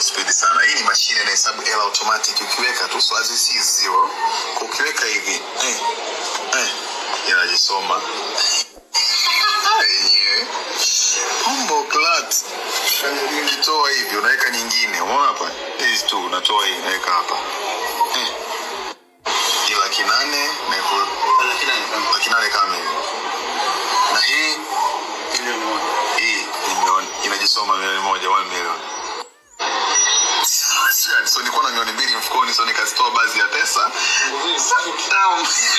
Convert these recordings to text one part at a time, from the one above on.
kwa spidi sana. Hii ni mashine inahesabu hela automatic, ukiweka tu so as is zero, kwa ukiweka hivi eh, eh, inajisoma ah, yenyewe humbo clat ukitoa hivi unaweka nyingine, umeona hapa, hizi tu unatoa hii unaweka hapa eh, ni laki nane mizonekazitoa baadhi ya pesa. Sometimes.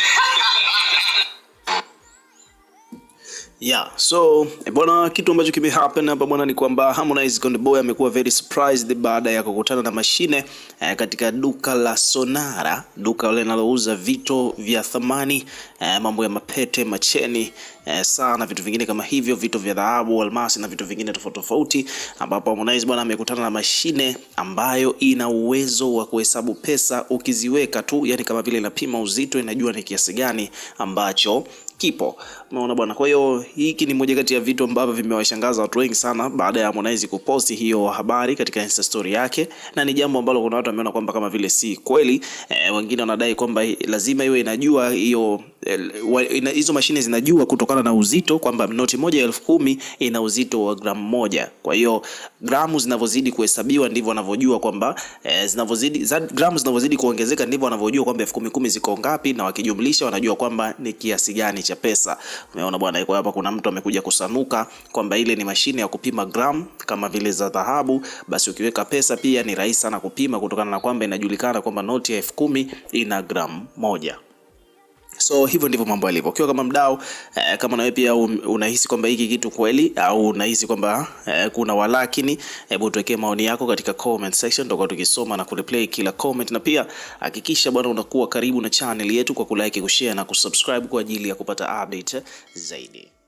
Yeah, so bwana, kitu ambacho happen hapa bwana ni kwamba Harmonize Konde Boy amekuwa very surprised baada ya kukutana na mashine eh, katika duka la Sonara, duka lile linalouza vito vya thamani eh, mambo ya mapete, macheni eh, saa na vitu vingine kama hivyo, vito vya dhahabu, almasi na vitu vingine tofauti tofauti, ambapo Harmonize bwana amekutana na mashine ambayo ina uwezo wa kuhesabu pesa ukiziweka tu, yani kama vile inapima uzito, inajua ni kiasi gani ambacho kipo. Umeona bwana. Kwa hiyo hiki ni moja kati ya vitu ambavyo vimewashangaza watu wengi sana baada ya Harmonize kuposti hiyo habari katika Insta story yake, na ni jambo ambalo kuna watu wameona kwamba kama vile si kweli. E, wengine wanadai kwamba lazima iwe inajua hiyo hizo mashine zinajua kutokana na uzito kwamba noti moja ya elfu kumi ina uzito wa gramu moja. Kwa hiyo gramu zinavyozidi kuhesabiwa ndivyo wanavyojua kwamba eh, zinavyozidi gramu zinavyozidi kuongezeka ndivyo wanavyojua kwamba elfu kumi kumi ziko ngapi, na wakijumlisha wanajua kwamba ni kiasi gani cha pesa. Umeona bwana, iko hapa, kuna mtu amekuja kusanuka kwamba ile ni mashine ya kupima gramu kama vile za dhahabu, basi ukiweka pesa pia ni rahisi sana kupima kutokana na kwamba inajulikana kwamba noti ya elfu kumi ina gramu moja. So hivyo ndivyo mambo yalivyo. Ukiwa kama mdau eh, kama wewe pia um, unahisi kwamba hiki kitu kweli au unahisi kwamba eh, kuna walakini, hebu eh, tuwekee maoni yako katika comment section, tutakuwa tukisoma na kureplay kila comment, na pia hakikisha bwana unakuwa karibu na channel yetu kwa kulike, kushare na kusubscribe kwa ajili ya kupata update zaidi.